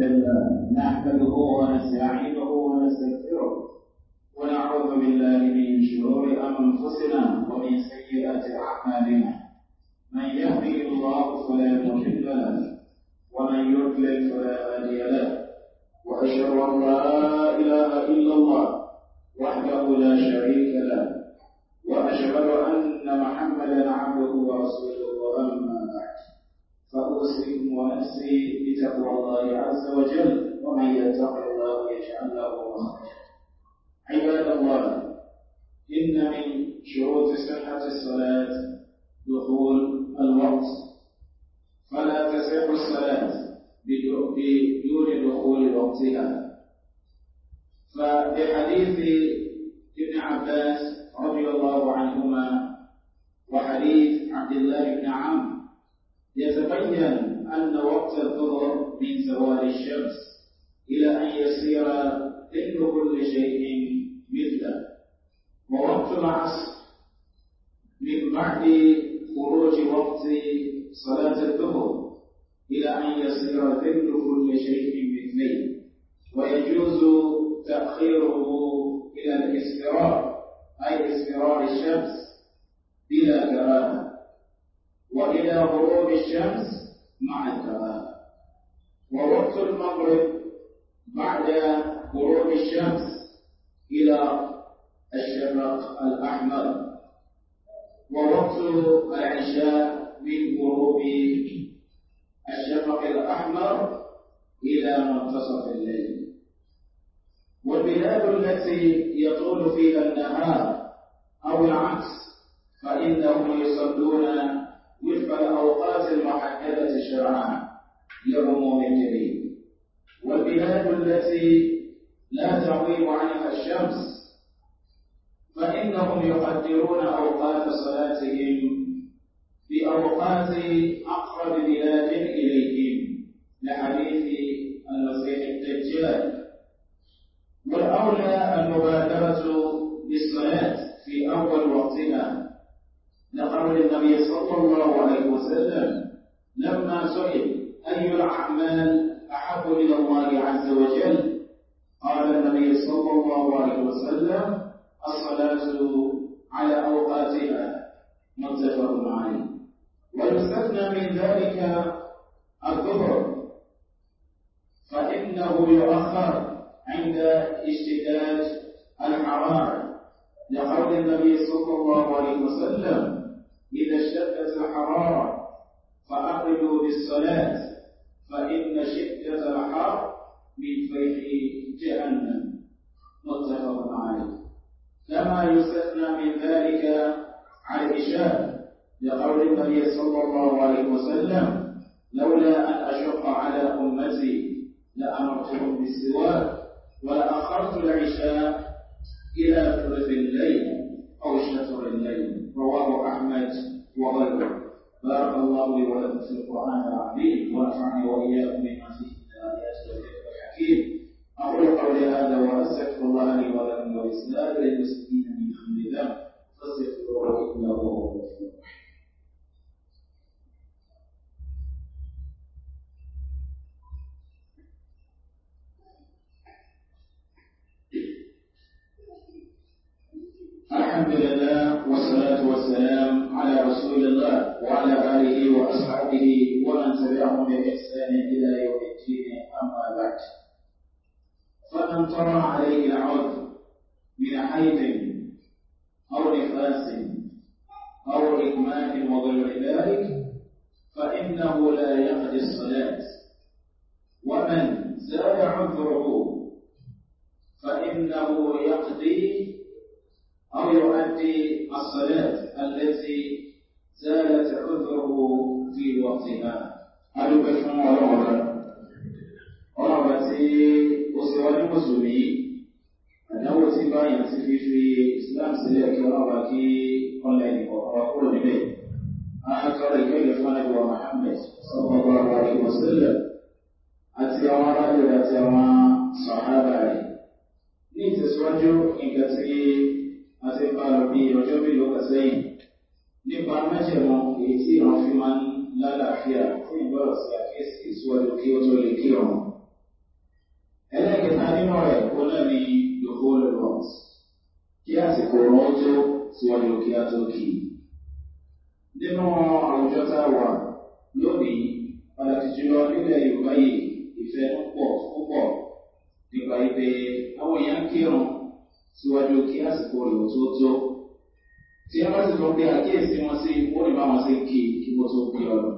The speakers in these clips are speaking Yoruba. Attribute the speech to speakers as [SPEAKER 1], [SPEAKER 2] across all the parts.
[SPEAKER 1] نحمده ونستعينه ونستغفره ونعوذ بالله من شرور انفسنا ومن سيئات اعمالنا من يهدي الله فلا مضل له ومن يضلل فلا هادي له واشهد ان لا اله الا الله وحده لا شريك له واشهد ان محمدا عبده ورسوله واما بعد فأوصيكم ونفسي بتقوى الله عز وجل ومن يتق الله يجعل له مخرجا عباد الله إن من شروط صحة الصلاة دخول الوقت فلا تصح الصلاة بدون دخول وقتها فبحديث ابن عباس رضي الله عنهما وحديث عبد الله يتبين أن وقت الظهر من زوال الشمس إلى أن يصير ظل كل شيء مثله ووقت العصر من بعد خروج وقت صلاة الظهر إلى أن يصير ظل كل شيء مثله ويجوز تأخيره إلى الاصفرار أي اصفرار الشمس بلا كرامة وإلى غروب الشمس مع الزوال ووقت المغرب بعد غروب الشمس إلى الشفق الأحمر ووقت العشاء من غروب الشفق الأحمر إلى منتصف الليل والبلاد التي يطول فيها النهار أو العكس فإنهم يصلون وفق الأوقات المحددة شرعا لعموم الجميع والبلاد التي لا تغيب عنها الشمس فإنهم يقدرون أوقات صلاتهم بأوقات أقرب بلاد إليهم لحديث المسيح الدجال
[SPEAKER 2] والأولى المبادرة
[SPEAKER 1] بالصلاة في أول وقتها لقول النبي صلى الله عليه وسلم لما سئل أي الأعمال أحب إلى الله عز وجل قال النبي صلى الله عليه وسلم الصلاة على أوقاتها متفق عليه ويستثنى من ذلك الظهر فإنه يؤخر عند اشتداد الحرارة لقول النبي صلى الله عليه وسلم إذا اشتدت الحرارة فأقلوا بالصلاة فإن شدة الحر من فيح جهنم متفق عليه كما يستثنى من ذلك عائشة لقول النبي صلى الله عليه وسلم لولا أن أشق على أمتي لأمرتهم بالسواك ولأخرت العشاء إلى ثلث الليل أو شطر الليل رواه أحمد وغيره بارك الله لي ولكم في القرآن العظيم ونفعني وإياكم بما فيه من الايات الذكر الحكيم أقول قولي هذا وأستغفر الله لي ولكم ولسائر المسلمين من ذنب الله فاستغفروه إنه هو الغفور والسلام على رسول الله وعلى آله وأصحابه ومن تبعهم بإحسان إلى يوم الدين أما بعد فمن طرى عليه العرض من حيض أو نفاس أو إكمال وغير ذلك فإنه لا يقضي الصلاة ومن زاد عذره فإنه يقضي أو يؤدي الصلاة التي زالت عذره في وقتها أدو بفهم ورغبا ورغبتي وسواني مسلمي أنه سبا ينسفي في إسلام سليك ورغبكي قلني وقول نبي أكثر الكلف نبي محمد صلى الله عليه وسلم أتي أمراجل أتي أمراجل صحابة لي نتسوجه إنك تريد a ti ń bá lọ bí ọjọ́ mélòó kan sẹ́yìn nípa mẹ́jẹ̀mọ èyí tí ìran fi máa ń lálàáfíà fún ìgbọ́rọ̀ sí àkíyèsí ìsúwájú kí ó tó lè kí ọ̀run. ẹlẹ́ẹ̀kẹta nínú rẹ̀ ó náà ní yòókù lọ́wọ́ kí àsìkò ọ̀rọ̀ ó tó síwájú kí a tó kì í. nínú àwùjọ tá a wà lónìí pàtàkì jùlọ nílẹ̀ yorùbá yìí ìfẹ́ púpọ̀ púpọ̀ nípa ìpè àwọn èèyàn kírun síwájú kí àsìkò rẹ̀ tó tó tí a bá sì lọ pé àkíyèsí wọn sí wọn lè bá wọn sí kí kí wọn tó pé ọ̀rọ̀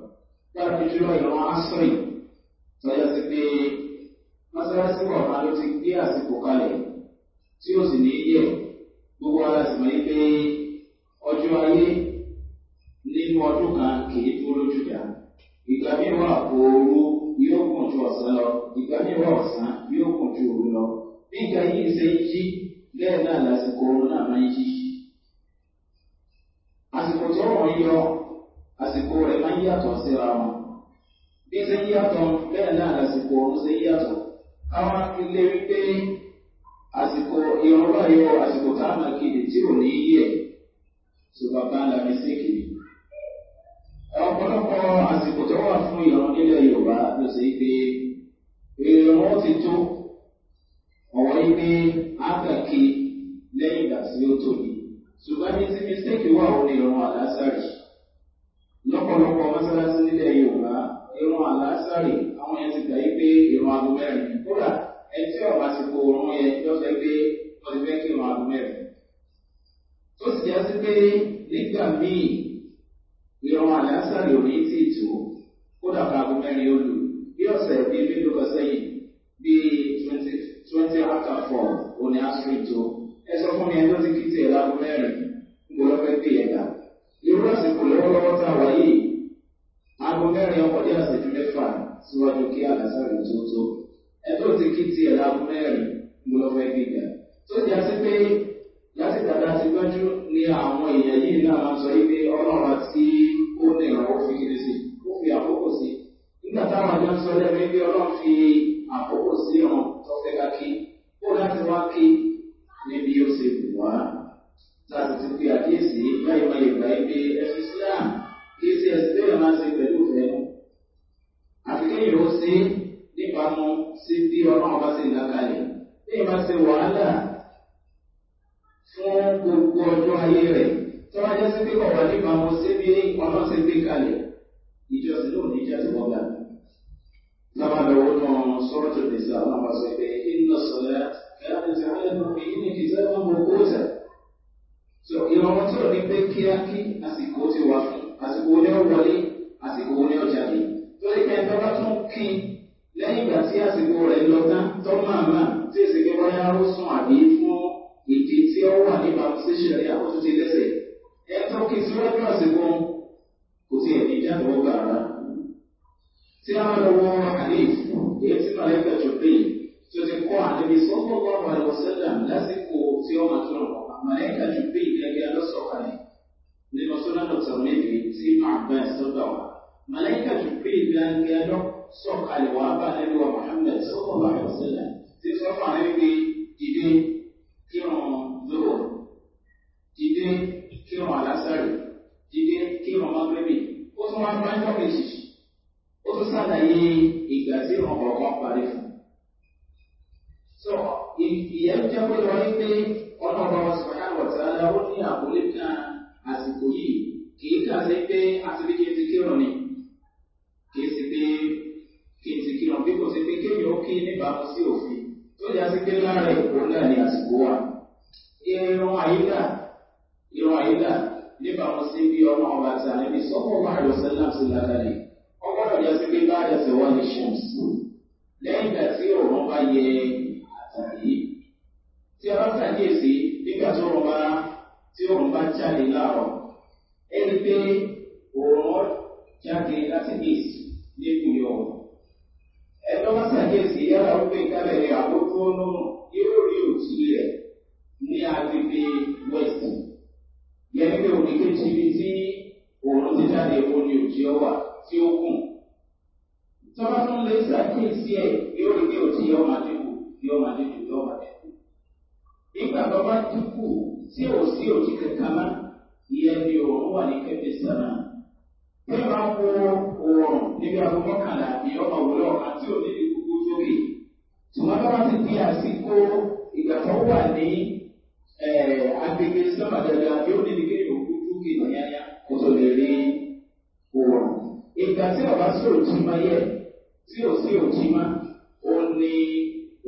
[SPEAKER 1] gbàgbé jùlọ ìran asiri tọ́jà sí pé mọ́sálásí kọ̀ọ̀kan ló ti gbé àsìkò kalẹ̀ tí ó sì ní yẹ gbogbo ara sì mọ̀ yí pé ọjọ́ ayé nínú ọdún kan kìí tó lójú dá ìgbà mìíràn ooru yóò kùn ju ọ̀sán lọ ìgbà mìíràn ọ̀sán yóò kùn ju òru lọ bí ìgbà yìí ṣe yí bẹ́ẹ̀ náà lásìkò náà máa ń yí àsìkò tí ọ̀rọ̀ yọ àsìkò rẹ̀ máa ń yàtọ̀ síra wọn bí ṣe ń yàtọ̀ bẹ́ẹ̀ náà lásìkò ọ̀run ṣe ń yàtọ̀ káwọn ilé wípé àsìkò ìrọ̀lọ́ yọ àsìkò táwọn tí ò ní yí ẹ̀ ṣùgbọ́n ọ̀pọ̀lọpọ̀ àsìkò tó wà fún yorùbá ló ṣe pé èrò ti tó yí pé ákàkí lẹ́yìn ìgbà tí ó tóbi ṣùgbọ́n ní tí mistake wà ó ní irun àlásàrì lọ́pọ̀lọpọ̀ mọ́sálásí nílẹ̀ yorùbá irun àlásàrì àwọn yẹn ti gbà yí pé irun aago mẹ́rin kódà ẹtí ọ̀rọ̀ àsìkò òórùn yẹn yọ fẹ́ pé wọ́n ti fẹ́ kí irun aago mẹ́rin tó sì já sí pé nígbà míì irun àlásàrì ò ní tì tó kódà aago mẹ́rin ó lù bí ọ̀sẹ̀ bíi mélòó kan sẹ́yìn áfítà fọ̀rọ̀ òní àṣírí tó ẹ sọ fún mi ẹni tó ti kí tiẹ̀ lágbo mẹ́rin níbo ló fẹ́ pè ẹ̀dá irú àsìkò lọ́wọ́lọ́wọ́ tá a wà yìí aago mẹ́rin ọkọ̀ dé àṣẹjú síwájú kí àlàsà tó tó ẹ ti kí tiẹ̀ lágbo mẹ́rin níbo ló fẹ́ pè ẹ̀dá máa ṣe pẹ̀lú ìfẹ́. àfi kéèyàn ó ṣe níbàámu sí bí ọlọ́run bá ṣe ìlàkalẹ̀ kéèyàn bá ṣe wàhálà fún gbogbo ọjọ́ ayé rẹ̀ tó wá jẹ́ sí pé ọ̀wà níbàámu sí bí ọlọ́run ṣe gbé kalẹ̀ ìjọsìn náà ní ìjọsìn wọ́n gbà. lábàá lọ́wọ́ náà sọ́rọ́ tó lè sọ àwọn àwọn sọ pé iná sọ̀rọ̀ kẹ́hìntì alẹ́mọ̀bí ní kìtẹ́ wọn ìrànwọ́ tí ò ní pé kíákí àsìkò ti wà fún àsìkò ní àsìkò ní ọjà yìí torí pé ẹgbẹ́ bá tún kí lẹ́yìn ìgbà tí àsìkò rẹ̀ lọ tán tó máa mà tí èsì pé wáyà ó sùn àbí fún ìdí tí ó wà nípa ṣíṣẹ̀rí àkóso ti lẹ́sẹ̀ ẹ tó kí síwájú àsìkò kò sí ẹ̀mí ìjábọ̀ gbà rárá. tí a máa lọ wọ àlèf èyí tí màlẹ́kà jù pé tó ti kọ́ àdébí sọ́kọ̀ bọ́ọ̀rọ̀ àlùsẹ́là lásìkò tí ó máa tún ọ̀pọ̀ màlẹ́kà jù pé ìgbẹ́gbẹ́ alọ́sọ̀kalẹ̀ nínú sọ́nà dọ̀tà onídìí tí màá gbà sọ́dọ̀ wá. Malaika Jibril gangadọ́ sọ̀kalẹ̀ wà bá nínú wa Muhammad sọ́kọ̀ bá yọ sílẹ̀ tí sọ fún àwọn ẹgbẹ́ ìdè kírun lóhùn, ìdè kírun alásàrì, ìdè kírun magrẹ́bì, ó tún wá bá jọ́ méjì, ó tún sàlàyé ìgbà tí ọ̀rọ̀ kan parí fún. Sọ ìyẹn jẹ́ pé wọ́n ní pé ọ̀nà ọ̀rọ̀ sọ̀rọ̀ àwọ̀tá ó ní àkólé kan àsìkò yìí kì í kà sí pé àti bí kí n ti kírun ni. kì í sì pé kí n ti kí wọn bí ya sí pé kéèyàn ni àsìkò wà. irun àyílà irun àyílà níbàámu sí bí ọmọ ọba àti àlẹ́bí sọ́kọ̀ ọba àlọ́ sẹ́lám sí lákàlẹ̀ ọgbọ́dọ̀ yà sí pé láàárẹ̀ ṣe a bá kàkíyèsí dínkù yọ. Ẹjọ́ bá ṣàkíyèsí yára wípé ìkálẹ̀ ní àkókò náà yóò rí òtí rẹ̀ ní agbègbè West. Yẹ́n òní kejì ibi tí ti jáde epo ni òjì ọwà tí ó gùn. Tọ́lá tún lè ṣàkíyèsí ẹ̀ yóò rí òtí máa dínkù máa dínkù máa dínkù. Nígbà tó bá dínkù tí ò sí òtí kankan náà, ìyẹn ni wà ní kẹ́kẹ́ ní ìbámu òòrùn níbi àwọn mọ́kànlá ní ọmọ òwúrọ̀ àti òní ní gbogbo sókè ṣùgbọ́n tó bá ti di àsìkò ìgbà tó wà ní agbègbè sábà dandan yóò ní nígbè òkú sókè yányá kó tó lè rí òòrùn. ìgbà tí ọba sí òjìmá yẹ tí ò sí òjìmá ó ní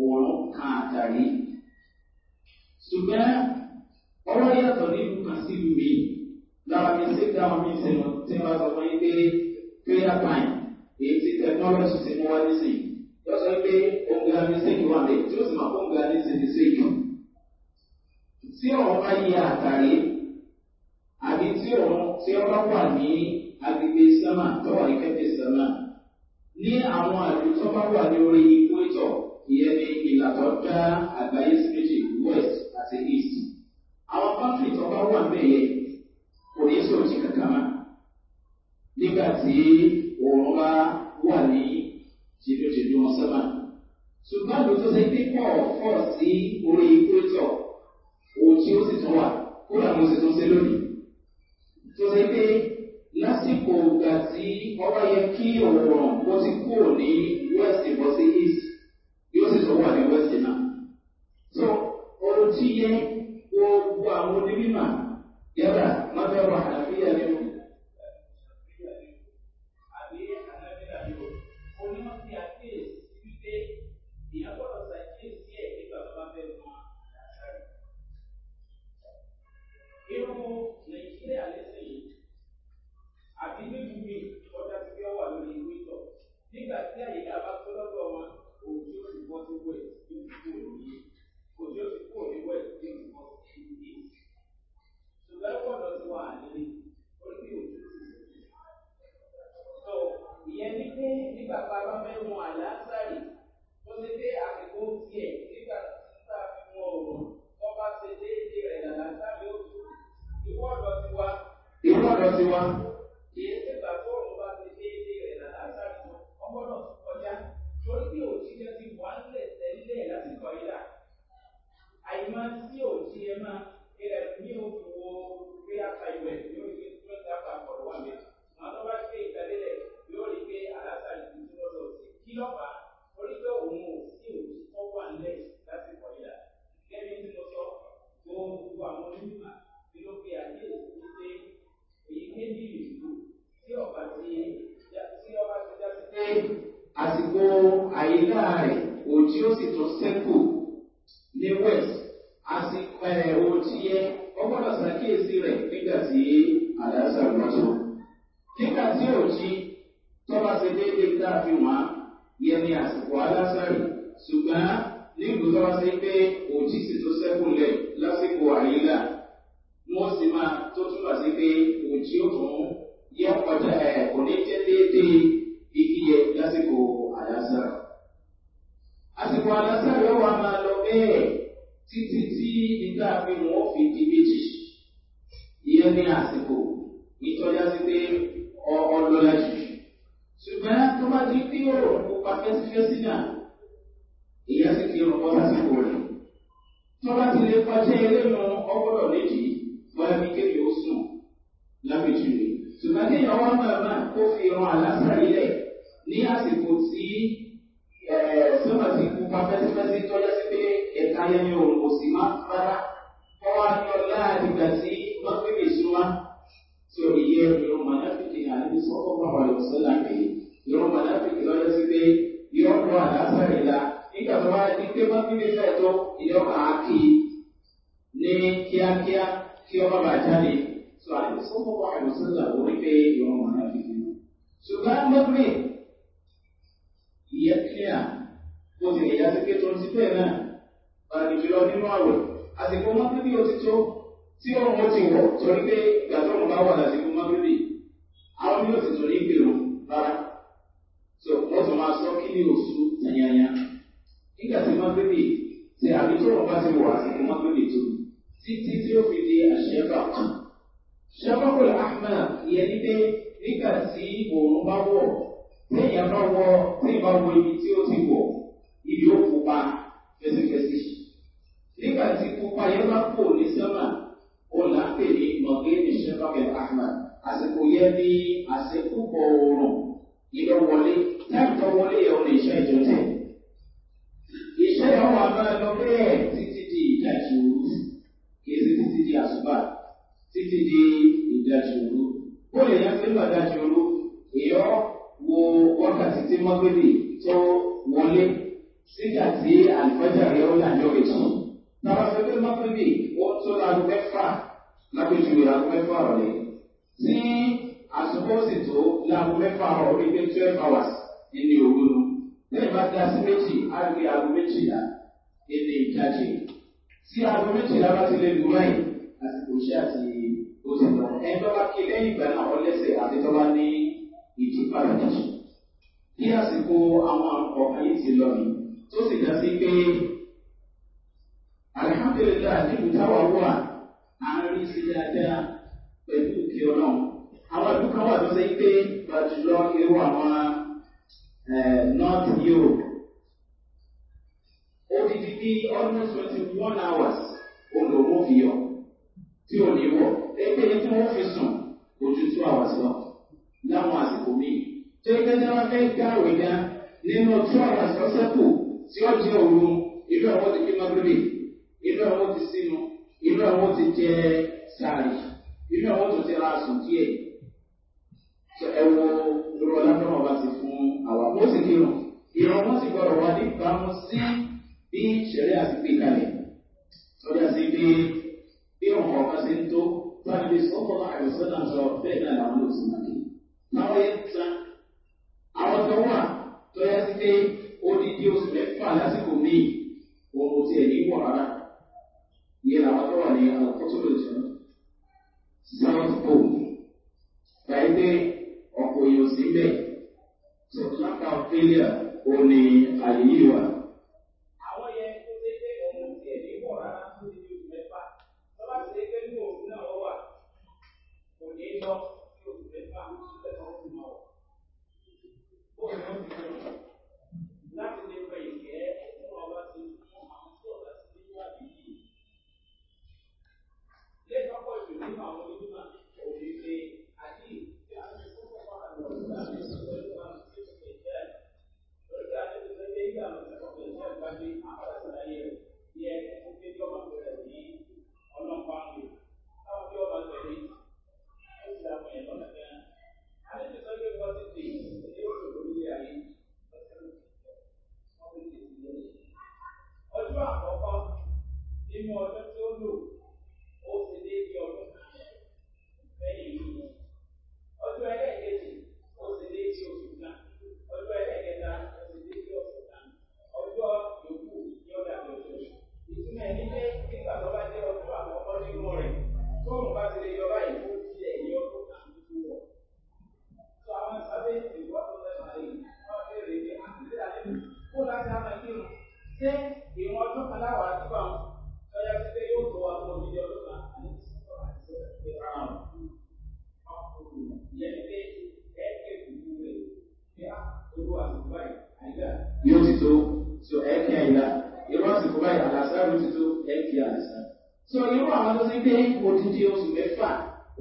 [SPEAKER 1] òòrùn kan àtàrí ṣùgbọ́n ọwọ́ yàtọ̀ nínú kan sí mi lára mi ṣe dáhùn mi ṣe lọ tí wọ́n sọ fún yín pé clear fine èyí tí technology ti mú wá ní sí yọ sọ pé òǹgà ní sèkì wà lẹ́yìn tí ó sì máa fún òǹgà ní sèkì sèkì. tí òun bá yẹ àtàrí àbí tí òun tí ó bá wà ní agbègbè sẹ́mà tó wà ní kẹ́kẹ́ sẹ́mà ní àwọn àdúgbò tó bá wà ní orí equator ìyẹn ní ìlà tó dá àgbáyé sí méjì west àti east àwọn kọ́ńtì tó bá wà bẹ́ẹ̀ yẹ kò ní sọ̀rọ̀ sí kankan máa nígbà tí òòrùn bá wà ní ṣèdúṣèdú wọn sábà. ṣùgbọ́n àgbẹ̀ tó ṣe pé pọ̀ pọ̀ sí orí kúrẹ́tọ̀ òun tí ó sì tún wà kódà mo sì tún ṣe lónìí. tó ṣe pé lásìkò ìgbà tí ọba yẹ kí òòrùn mo ti kúrò ní west bọ́ sí east yóò sì tún wà ní west náà. so ohun tí yẹ gbogbo àwọn onímọ̀ yàrá máa wà àlàáfíà nínú. àsìkò tí yẹ ọgbọ́dọ̀ sàkíyèsí rẹ̀ nígbà tí àdáṣà lọ́tọ̀. nígbà tí ò jí tọ́ba ṣe déédéé tá a fi wá yẹ ní àsìkò aláṣàrì ṣùgbọ́n nílùú tọ́ba ṣe pé òjì sì tó sẹ́kùnlẹ̀ lásìkò àyílà wọ́n sì máa tó túbà sí pé òjì ò yẹ kọjá ẹ̀ ní jẹ́ déédéé ìkíyẹ lásìkò àdáṣà. àsìkò àdáṣà yóò wá máa lọ bẹ́ẹ̀ títí tí ìgbà pé wọ́n fi di méjì ìyẹn ní àsìkò nítorí sí pé ọlọ́lá jù ṣùgbọ́n tó bá di pé ọ̀rọ̀ pupa fẹ́sífẹ́sí náà ìyẹn sì ti rọ̀pọ̀ lásìkò rẹ̀ tó bá ti lè kọjá eléyàn ọgbọ́dọ̀ méjì bọ́lá ní kéde ó sùn lábẹ́jù ni ṣùgbọ́n kéèyàn wọ́n máa máa kó fi ran àlásà ilẹ̀ ní àsìkò tí sọ́nà sí pupa fẹ́sífẹ́sí tọ́já sí pé ẹ̀ka yẹn ni òun kò sì má rárá wọ́n wá lọ láàrin ìgbà tí wọ́n fi lè súnmá tí ó yẹ ìrọ̀ mọ̀láfíkì àti sọ́kọ́ pàwọ̀ lọ sọ́nà pé ìrọ̀ mọ̀láfíkì lọ́jọ́ sí pé ìrọ̀ pọ̀ àlásàrè la nígbà tó wá di pé wọ́n fi lè fẹ́ tó ìrọ̀ àáké ní kíákíá kí ọmọ bá jáde tó àti sọ́kọ́ pàwọ̀ lọ sọ́nà orí pé ìrọ̀ mọ̀láfíkì ṣùgbọ́n lọ́gbìn ìyẹ́ kíyàn mo sì lè yásí pé tó ti pé náà pàtàkì jùlọ nínú àwẹ̀ àsìkò mọ́tòbí ó ti tó tí ọ̀run ó ti wọ̀ torí pé ìgbà tó ń bá wà lásìkò mọ́tòbí àwọn ní òsì tó ní ìgbèrò rárá so que tún máa sọ kí ni òṣù yanyanya nígbà tí mọ́tòbí ti àbí tó o bá ti wọ̀ àsìkò mọ́tòbí tó títí tí ó fi di àṣẹ́fà kan ṣẹ́fà kò lè àmà ìyẹn ní pé nígbà o òun bá wọ̀ téèyàn bá wọ téèyàn wọ ibi tí ó ti wọ̀ ibi ó pupa fẹsifẹsi. nígbà tí pupa yẹn bá kò ní sẹ́mà ó là ń pè ní mọ̀gẹ́ni sẹ́fàkẹ́ ahmed àsìkò yẹn ní àsìkò oòrùn ìlọ wọlé láìpẹ́ wọlé yẹn ò lè ṣe ìjọ́tẹ̀. iṣẹ́ yẹn wà máa lọ bẹ́ẹ̀ títí di ìdajì òru kì í sí títí di àṣùbà títí di ìdajì òru. ó lè yá sí ìgbà ìdajì òru èèyàn wo wákàtí tí mọ́gbẹ́lì tó wọlé sígbà tí àlùfájà rẹ̀ ó là ní òrìtún. Tàbá sọ pé mọ́gbẹ́lì ó tó láago mẹ́fà lápẹ̀jùwé láago mẹ́fà ọ̀rẹ́. Ní àsopọ̀ sì tó láago mẹ́fà ọ̀rẹ́ pé twelve hours nínú òru nu. Lẹ́yìn bá dá sí méjì, á gbé aago méjìlá nínú ìdájì. Tí aago méjìlá bá ti lè lù báyìí, àsìkò iṣẹ́ àti oṣù náà. Ẹni tó bá ké lẹ́yìn ìgbà náà ọ lẹ́sẹ̀ àti tó bá ní ìtúpa ìjì ní àsìkò àwọn ọ̀kan yìí ti lọ ni tó sì dá sí pé alihamdulilayi níbi táwa wà àárín sí dáadáa pẹ̀lú òkè ọlọ́run àwọn àdúgbò wà tó ṣe pé gbàjúlọ irú àwọn north europe odidi bí almost twenty one hours olùwọ́n fi yọ tí ò ní wọ̀ ẹgbẹ́ yẹn tí wọ́n fi sùn ojú two hours lọ láwọn àsìkò míì tó yẹ kẹ́kẹ́ wá fẹ́ gá àwẹ̀ gan nínú tí àwọn àṣọ sẹ́kù tí ó jẹ́ òru ìlú àwọn ti fi mọ́gírì ìlú àwọn ti sínú ìlú àwọn ti jẹ sàárì ìlú àwọn tó ti ra sùn díẹ̀ ẹwọ irú ọlọ́dún ọba ti fún àwọn àpò sì kírun ìran wọn sì gbọdọ̀ wá níbàámu sí bí ìṣẹ̀lẹ̀ àti gbé kalẹ̀ sọ́jà sí pé bí ọ̀hún ọba ṣe ń tó bá a lè sọ́kọ̀ọ́ àìsàn náà sọ bẹ́ẹ̀ náà làwọn ò sì máa kí. àwọn tó ti gbé odidi oṣù mẹ́fà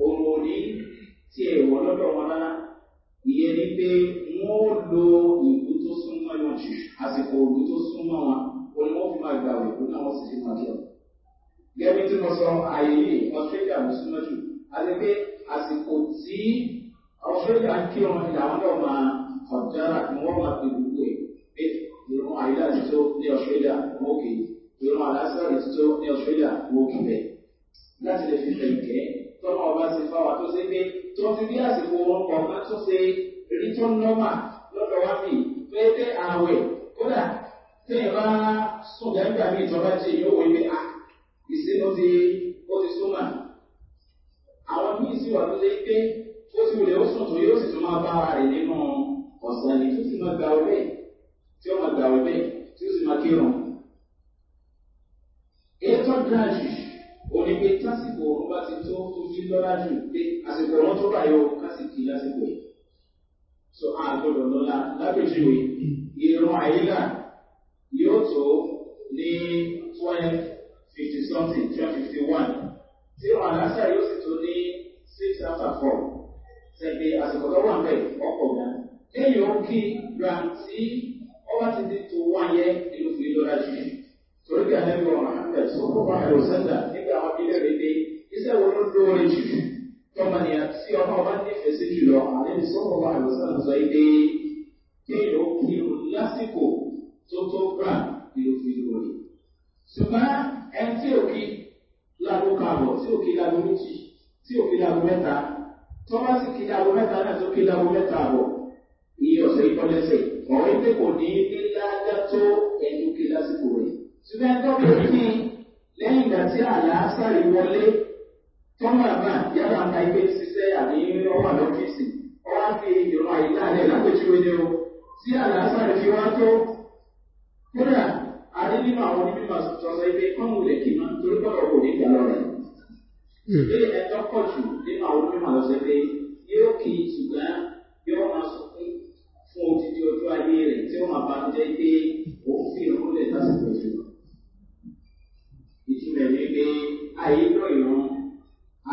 [SPEAKER 1] òun ò ní tí ẹ̀ wọ́n lọ́dọ̀ wọn rárá ìyẹn ni pé wọ́n lo ìlú tó súnmọ́ wọn jù àsìkò ìlú tó súnmọ́ wọn ó ní wọ́n fi máa gbà wẹ̀ lónà wọ́n sì fi máa jẹun. gẹ́gẹ́ tí mo sọ ààyè yìí australia ló súnmọ́ jù àti pé àsìkò tí australia ń kí wọn ìlà náà máa ọ̀dára ni wọ́n máa fi gbogbo ẹ̀ pé ìrún àyílá ti tó ní australia wọ́n kì í ìrún àlásà ti tó ní australia wọ́n kì bẹ́ẹ̀ láti lè fi tẹ̀kẹ́ tọ́nà ọba ṣe fáwà tó ṣe pé tó fi bí àsìkò orúkọ ọmọ tó ṣe rí tó nọ́mà lọ́dọ̀ wá mi pé pé ààwẹ̀ kódà tí ẹ bá sùn dáńgbà mí ìjọba jẹ yóò wọ ibi à ìsinú ti ó ti súnmà. àwọn míì sì wà tó ṣe pé ó ti wùlẹ̀ ó sùn tó yóò sì tún máa bá ara rẹ̀ nínú ọ̀sán ni tó sì máa gbà ọ bẹ́ẹ̀ tí ó máa gbà ọ bẹ́ẹ̀ tí ó sì máa kírun. ètò gíráàjì òní pé tásìkò ọ̀run bá ti tó ojú lọ́lá jù pé àsìkò ọ̀run tó bá yọ kásìkì lásìkò yìí so a gbọdọ̀ lọ́la lápèjúwe ìrún àyílà yóò tó ní twelve fifty something twelve fifty one tí ìrún àlásà yóò sì tó ní six after four sẹ́gbẹ́ àsìkò tó wà bẹ́ẹ̀ ọ̀pọ̀ gbà kéèyàn kí ra tí ọba ti di tó wáyé nínú fi lọ́la jù torí bí àlẹ́ bí wọn máa ń bẹ̀ sọ́kọ́ bá pé àwọn ilẹ̀ rẹ̀ dé iṣẹ́ wo ló lóore jù tọmọnìyàn tí ọmọ ọba nífẹ̀ẹ́ sí jùlọ àlẹ́ni sọ́kọ̀ bá àlùsàn sọ ilé kéèyàn kírun lásìkò tó tó gbà nínú fi lóore. ṣùgbọ́n ẹni tí ò kí láago kààbọ̀ tí ò kí láago méjì tí ò kí láago mẹ́ta tó bá sì kí láago mẹ́ta náà tó kí láago mẹ́ta àbọ̀ iye ọ̀sẹ̀ yìí kọ́lẹ́sẹ̀ ọ̀rẹ́ pé kò ní ní ládá tó ẹnu kí lásìkò rẹ̀ ṣùgbọ́n ẹni tó kí lẹ́yìn ìgbà tí àlàásàrì wọlé tó máa bá yàrá àta ilé ṣiṣẹ́ àní ọmọ lọ́fíìsì ọwá fi ìrọ̀ àìlá rẹ̀ lápèjúwe ni o tí àlàásàrì fi wá tó kódà adé nínú àwọn onímọ̀ sọ̀sọ̀ ibi kọ́mù lè kí máa torí bọ̀rọ̀ kò ní ìgbàlọ́ rẹ̀. ilé hmm. ẹjọ́ pọ̀ jù nínú àwọn onímọ̀ lọ́sẹ̀ pé yóò kí ṣùgbọ́n yóò máa sọkún fún odidi ọjọ́ ayé rẹ̀ tí ó máa bá ń jẹ́ pé òun fi ìrọ̀lẹ́ lásìkò ìṣòro. àyéjọ́ ìran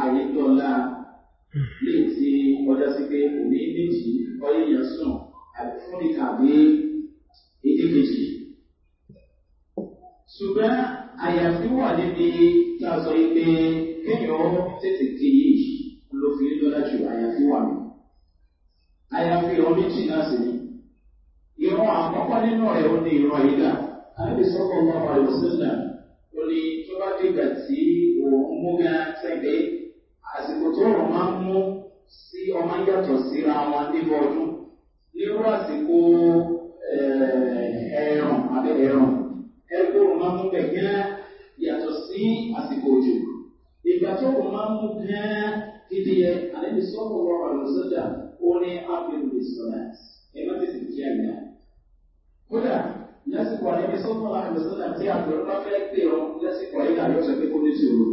[SPEAKER 1] àyéjọ́ ọ̀la hmm. lè ti ọjà sí pé kò ní méjì ọyẹ̀yàn sùn àti fún ní tàbí èdè méjì. ṣùgbọ́n àyàfi wà níbi tí a sọ pé kéèyàn tètè ké yìí ló fi lọ́la jù àyàfi wà mí. àyàfi ìran méjì náà sì ni ìran àkọ́kọ́ nínú rẹ̀ ó ní ìran yìí náà. àbí sọ́kọ̀ọ́ bá wà lọ́sẹ̀ náà ó ní tó bá dìgbà tí òun mú gan sẹ́gbẹ́ àsìkò tó rọ̀ máa ń mú sí ọmọ yàtọ̀ síra wọn nínú ọdún nírú àsìkò eh, ẹ̀rùn abẹ́ ẹ̀rùn ẹ̀kọ́ rọ̀ máa ń mú bẹ̀ gan yàtọ̀ sí àsìkò òjò ìgbà tó rọ̀ máa ń mú gan dídí ẹ àlẹ́bí sọ́kọ̀ wọ ọ̀rọ̀ sọ́jà ó ní ápẹ́lú ìsọ̀rọ̀ ẹ̀ má tètè kí àgbà
[SPEAKER 2] kódà lásìkò
[SPEAKER 1] àlẹ́bí sọ́kọ̀ àlẹ́bí sọ́jà tí àgbẹ̀rún bá fẹ́ pè ọ lásìkò ayé àyọ̀sẹ̀ pé kó ní sòrò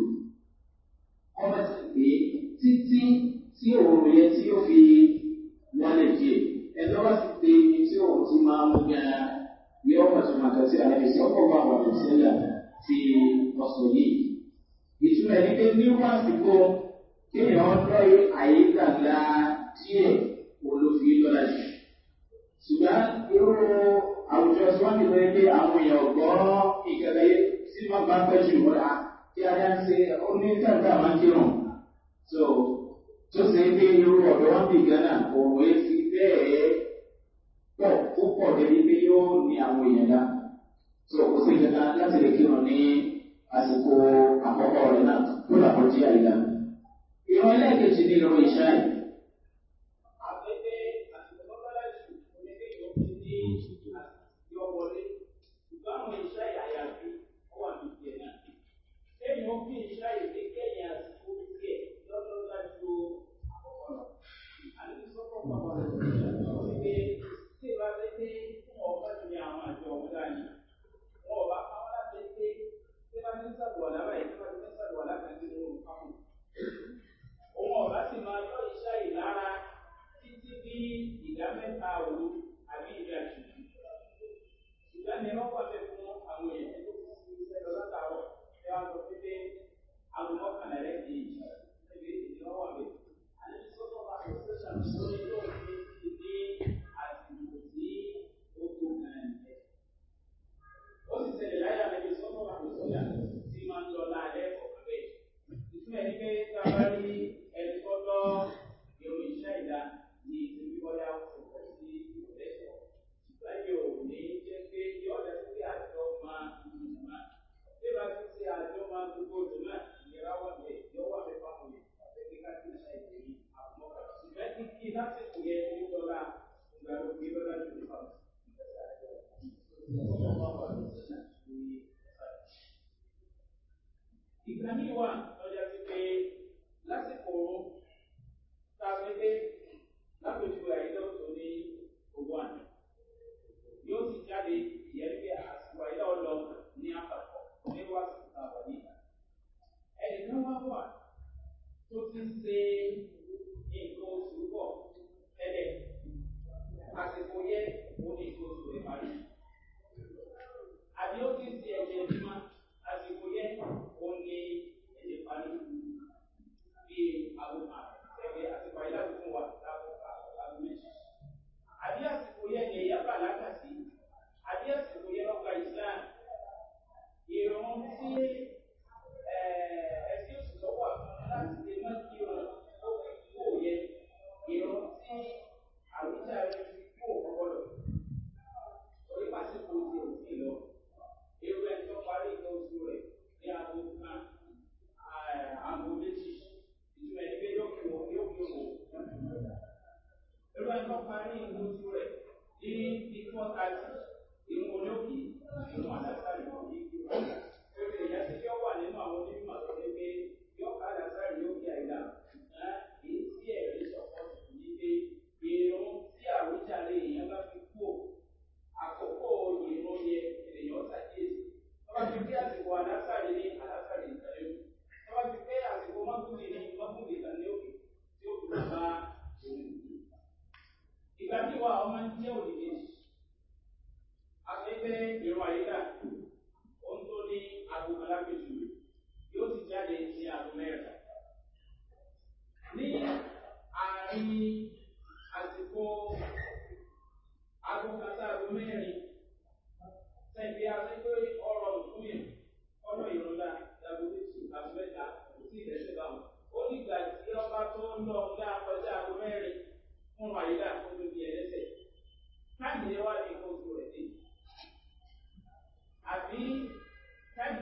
[SPEAKER 1] ẹlẹ́ẹ̀kejì ní lọ́wọ́ ìṣáì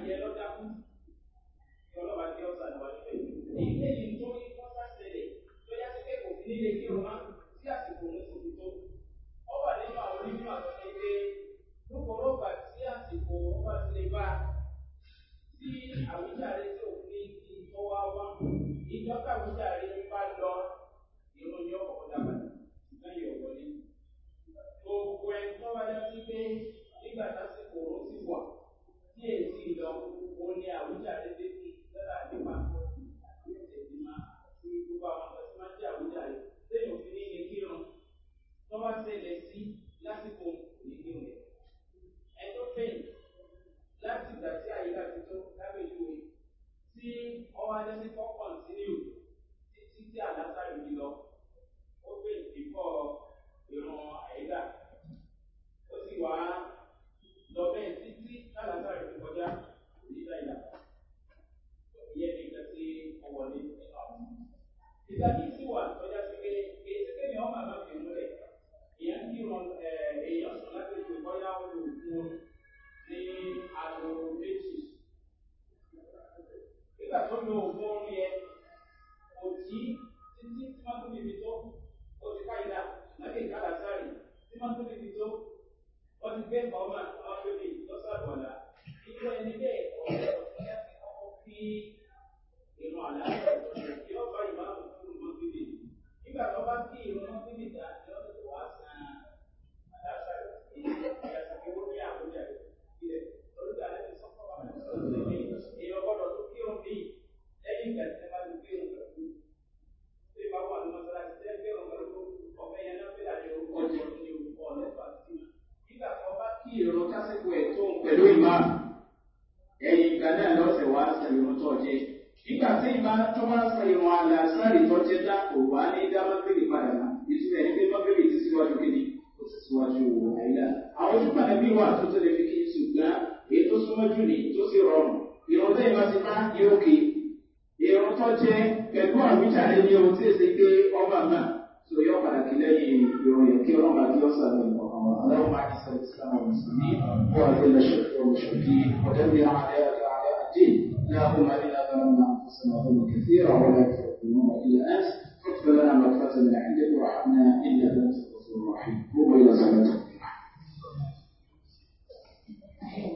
[SPEAKER 1] Yeah. bá sẹ́yìn wọn àlà sáré tó ti dá kò wá ní dá mọ́bìlì padà náà ìtumọ̀ ẹni pé mọ́bìlì ti síwájú kíni ó ti síwájú àìlá. àwọn ojú padà bí wà tó tẹ̀lé fi kí n ṣùgbọ́n èyí tó súnmọ́ jù ní tó sì rọrùn ìrún tẹ́yìn bá ti bá yóò ké ìrún tó jẹ́ pẹ̀lú àwíjàre ní ohun tí èsì pé ọba náà tó yọ padà kí lẹ́yìn ìrún yẹn kí ọlọ́run àti ọ̀sán ní ọ̀kan wọn aláwọ̀ máa ti sọ ìsìlámù mùsùlùmí wọ́n àti ẹlẹ́ṣẹ̀ fún ọmọ ṣòfin ọ̀dẹ́bí àwọn àdáyàtọ̀ àdáyàtì láàbùmá ilẹ̀ àtàwọn سنقول كثيرة ولا تفكرون إلا أنس فاغفر لنا مغفرة من عندك ورحمنا إلا أنت الغفور الرحيم هو إلى صلاتكم